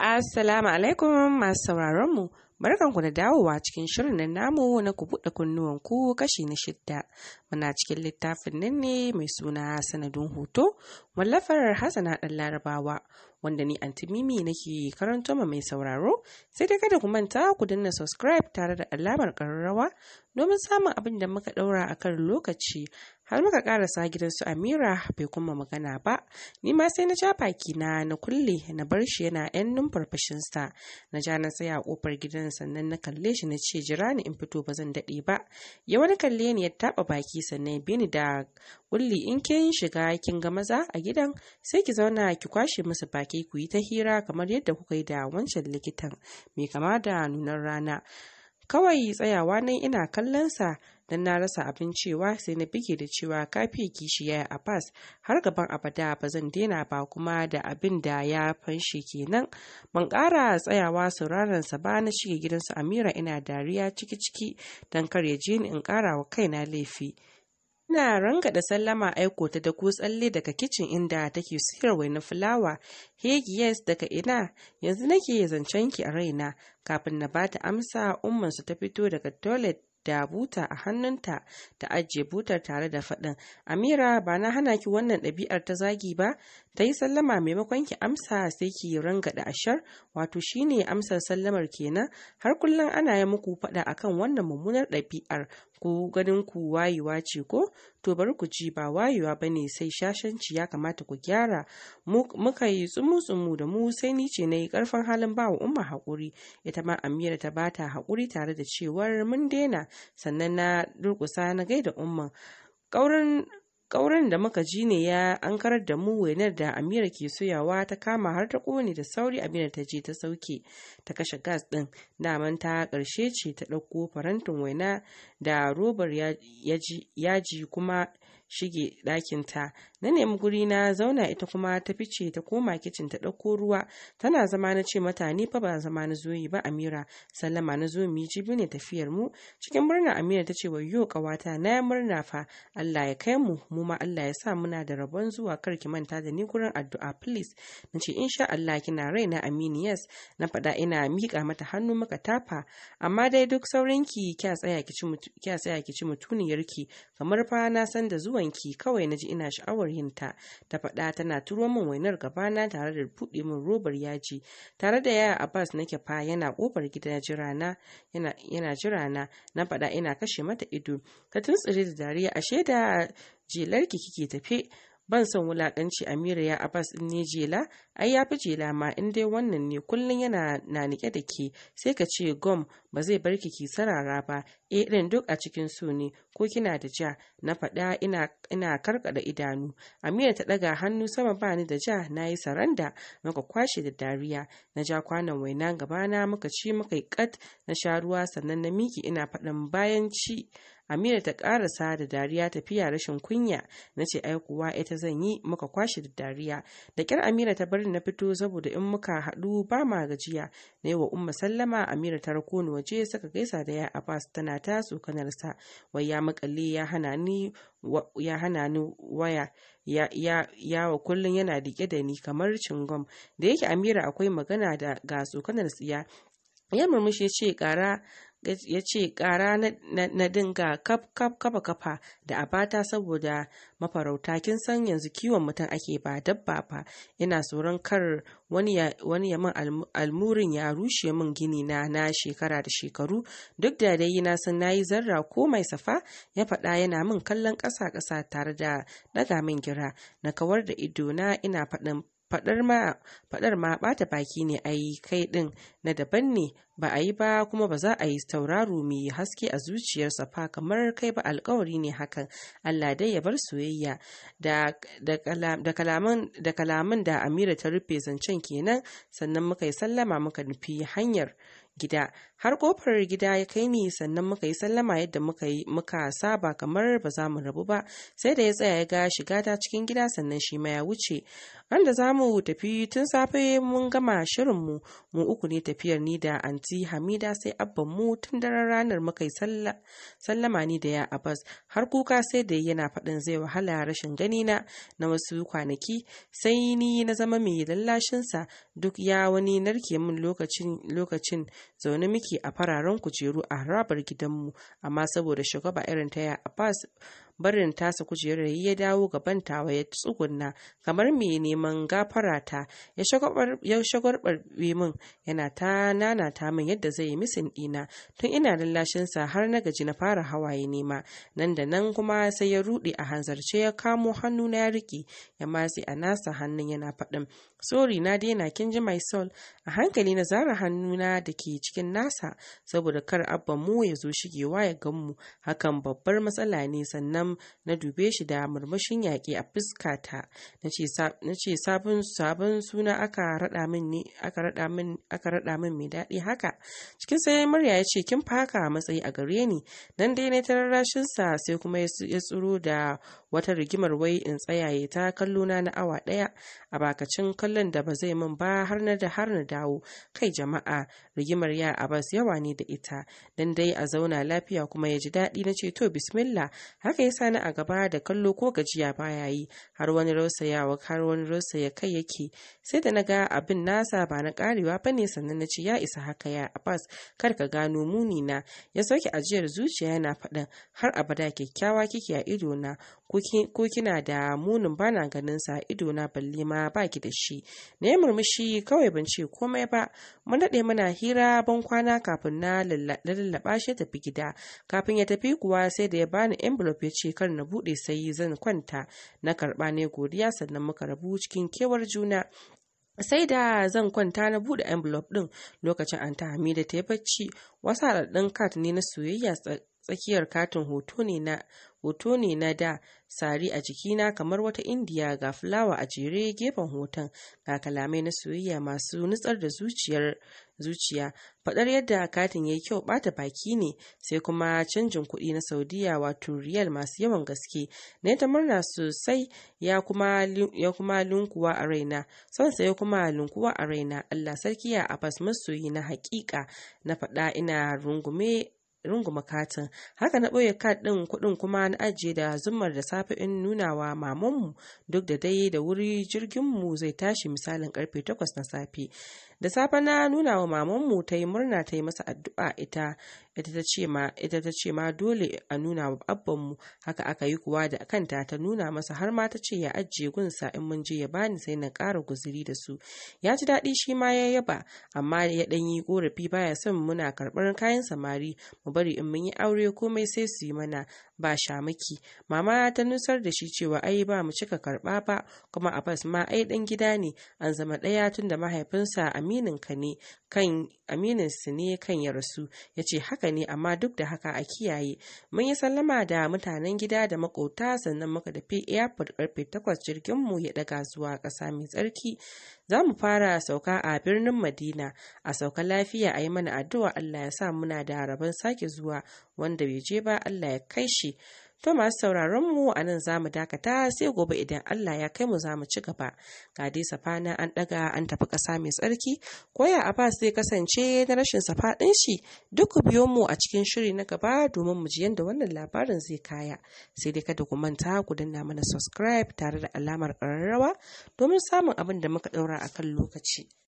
Assalamu alaikum masu sauraronmu. mu. Barkanku da dawowa cikin shirin na namu na ku buɗe kunnuwanku kashi na shidda. Muna cikin littafin nan ne mai suna sanadin hoto, wallafar Hassana ɗan Larabawa, wanda ni Antimimi nake karanto ma mai sauraro, sai dai kada ku manta ku danna subscribe tare da alamar ƙararrawa domin samun abin da muka ɗaura a kan lokaci. har muka karasa gidan su amira bai kuma magana ba ni ma sai na ja baki na na kulle na bar shi yana yan numfarfashin sa na ja na tsaya a kofar gidan sannan na kalle shi na ce jira ni in fito ba zan dade ba ya wani kalle ni ya taba baki sannan ya bini da kulli in kin shiga kin ga maza a gidan sai ki zauna ki kwashe musu baki ku yi ta hira kamar yadda kuka yi da wancan likitan mai kama da nunar rana kawai tsayawa nan ina kallon sa don na rasa abin cewa sai na bige da cewa kafi kishiya a bas, har gaban abada ba zan daina ba kuma da abin da ya fanshi kenan ban ƙara tsayawa sauraron sa ba na shige gidansa amira ina dariya ciki-ciki don kar ya je ni in ƙara wa kaina laifi Ina da sallama aiko ta da tsalle daga kicin inda take siyarwa na fulawa. Hegi yes daga ina yanzu nake zancen ki a raina kafin na bata amsa umman su ta fito daga toilet da buta a hannunta ta ajiye butar tare da faɗin amira ba na hana ki wannan ɗabi'ar ta zagi ba ta yi sallama maimakon ki amsa sai ki rangaɗa ashar wato shine amsar sallamar kenan har kullum ana yi muku faɗa akan wannan mummunar ɗabi'ar ku ganin ku wayewa ce ko to bari ku ji ba wayewa ba ne sai shashanci ya kamata ku gyara muka yi tsumu-tsumu da mu sai ni ce na yi karfin halin ba wa umma haƙuri ita ma amira ta ba ta haƙuri tare da cewar mun daina sannan na durƙusa na gaida umma. ƙaurin Ƙauren da muka ji ne ya ankarar da mu wainar da Amira ke soyawa ta kama har ta ƙone da sauri Amira ta je ta sauke ta kashe gas ɗin. Daman ta ƙarshe ce ta ɗauko farantin waina da robar yaji kuma shige ɗakinta na nemi guri na zauna ita kuma ta fice ta koma kicin ta ɗauko ruwa tana zama na ce mata ni fa ba zama na zo yi ba amira sallama na zo mu yi jibi ne tafiyar mu cikin murna amira ta ce yo ƙawata na ya murna fa allah ya kai mu mu ma allah ya sa muna da rabon zuwa kar ki manta da ni gurin addu'a please na ce insha allah kina raina amini yes na faɗa ina miƙa mata hannu muka tafa amma dai duk saurinki kya tsaya ki ci mutuniyarki kamar fa na san da zuwa wanki kawai na ji ina sha'awar yin ta ta faɗa tana turo min wainar gabana tare da buɗe min robar yaji tare da yaya abbas na kefa yana ƙofar gida yana yana jira na na faɗa ina kashe mata ido ta tuntsire da dariya ashe da jelarki kike tafe ban son wulakanci amira ya abbas ɗin ne jela ai ya fi jela ma in dai wannan ne kullum yana na nike da ke sai ka ce gom ba zai bar ki sarara ba e, eh, din duk a cikin su ne ko kina da ja na faɗa ina ina karkada idanu Amira ta daga hannu sama ba ni da ja na yi saranda muka kwashe da dariya na ja kwanan waina gabana muka ci muka yi kat na sha ruwa sannan na miki ina faɗin bayan ci Amira ta karasa da dariya tafiya rashin kunya na ce ai kuwa ita zan yi muka kwashe da dariya da kyar Amira ta bar shirin na fito saboda in muka haɗu ba ma gajiya na yi wa umma sallama amira ta rako ni waje suka gaisa da ya abbas tana ta sa wai ya makalle ya hana ni waya ya ya kullum yana rike da ni kamar cingom da yake amira akwai magana da ga tsokanar siya ya murmushi ce kara ya ce ƙara na dinga kaf kaf kafa kafa da abata saboda mafarauta kin san yanzu kiwon mutum ake ba dabba ba ina tsoron kar wani ya min almurin ya rushe min gini na na shekara da shekaru duk da dai na san nayi zarra ko mai safa ya faɗa yana min kallon ƙasa ƙasa tare da ɗaga min gira na kawar da ido na ina faɗin faɗar ma ɓata baki ne a yi kai ɗin na daban ne ba a yi ba kuma ba za a yi tauraro mai haske a zuciyarsa fa kamar kai ba alkawari ne hakan Allah dai ya bar soyayya da kalaman da kalaman da Amira ta rufe zancen kenan sannan muka yi sallama muka nufi hanyar gida har kofar gida ya kai ni sannan muka yi sallama yadda muka yi muka saba kamar ba za mu rabu ba sai da ya tsaya ya ga shiga ta cikin gida sannan shi ma ya wuce an da za mu tafi tun safe mun gama shirin mu uku ne tafiyar ni da anti hamida sai abban mu tun daren ranar muka yi sallama ni da ya abbas har kuka sai da yana faɗin zai wahala rashin gani na na wasu kwanaki sai ni na zama mai lallashinsa duk ya wani narke min lokacin zaune muke a fararen kujeru a harabar gidanmu amma saboda shugaba irin ta ya Abbas barin tasa kujerar ya dawo gaban tawa ya tsugunna kamar mai neman gafara ta ya shagwarɓarɓe min yana ta nanata min yadda zai yi misin ɗina tun ina lallashinsa har na gaji na fara hawaye nema nan da nan kuma sai ya ruɗe a hanzarce ya kamo hannu na ya riƙe ya matsi a nasa hannun yana faɗin sori na daina kin ji my soul a hankali na zara hannu na da ke cikin nasa saboda kar abban mu ya zo shigewa ya gan mu hakan babbar matsala ne sannan sam na dube shi da murmushin yaƙi a fuskata na ce sabon sabon suna aka raɗa min mai daɗi haka cikin sai murya ya ce kin faka matsayi a gare ni nan dai na tararrashin sa sai kuma ya tsiro da wata rigimar wai in tsayaye ta kallona na awa ɗaya a bakacin kallon da ba zai min ba har na da har na dawo kai jama'a rigimar ya abbas yawa ne da ita dan dai a zauna lafiya kuma ya ji daɗi na ce to bismillah haka ya sani a gaba da kallo ko gajiya baya yi har wani rausayawa har wani rausaya kai yake sai da na ga abin nasa ba na karewa ba ne sannan na ce ya isa haka ya abbas kar ka gano muni na ya sauke ajiyar zuciya yana faɗin har abada kyakkyawa kike a ido na ko kina da munin bana ganin sa ido na balle ma baki da shi na murmushi kawai ban ce komai ba mu daɗe muna hira ban kwana kafin na lallaɓa shi tafi gida kafin ya tafi kuwa sai da ya bani envelope ya ce kar na buɗe sai zan kwanta na karɓa ne godiya sannan muka rabu cikin kewar juna sai da zan kwanta na bude envelope ɗin lokacin anta hamida ta yi bacci wasu haɗaɗɗun kat ne na soyayya tsakiyar katin hoto ne na da sari a jikina kamar wata indiya ga fulawa a jere gefen hoton ga kalamai na soyayya masu nutsar da zuciyar zuciya fadar yadda katin ya yi kyau bata baki ne sai kuma canjin kuɗi na saudiya wato riyal masu yawan gaske na ta murna sosai ya kuma lunkuwa a raina son sai kuma lunkuwa a raina allah sarki ya abbas masoyi na hakika na faɗa ina rungume runguma katin haka na ɓoye kad ɗin kuɗin kuma na ajiye da zumar da safe in nunawa mamanmu duk da dai da wuri jirginmu zai tashi misalin karfe takwas na safe da safe na nunawa mamanmu ta yi murna ta yi masa addu'a ita ita ta ce ma dole a nuna wa abban mu haka aka yi kuwa da kanta ta nuna masa har ma ta ce ya ajiye gunsa in mun je ya bani sai na ƙara guziri da su ya ci daɗi shi ma ya yaba amma ya ɗan yi ƙorafi baya son muna karɓar kayan samari mu bari in mun yi aure komai sai su yi mana ba shamaki mama ta nusar da shi cewa ai ba mu cika karɓa ba kuma a bas ma ai dan gida ne an zama ɗaya tun da mahaifinsa aminin ka ne kan aminin su ne kan ya rasu ya ce haka ne amma duk da haka a kiyaye mun yi sallama da mutanen gida da makota sannan muka tafi airport karfe takwas jirgin mu ya daga zuwa ƙasa mai tsarki za mu fara sauka a birnin madina a sauka lafiya a yi mana addu'a allah ya sa muna da rabon sake zuwa wanda bai je ba Allah ya kai shi to masu sauraron mu a nan za mu dakata sai gobe idan Allah ya kai mu za mu ci gaba ga dai safana an daga an tafi ƙasa mai tsarki koya a ba zai kasance na rashin safa ɗin shi duk biyo mu a cikin shiri na gaba domin mu ji yadda wannan labarin zai kaya sai dai kada ku manta ku danna mana subscribe tare da alamar ƙararrawa domin samun abin da muka ɗaura kan lokaci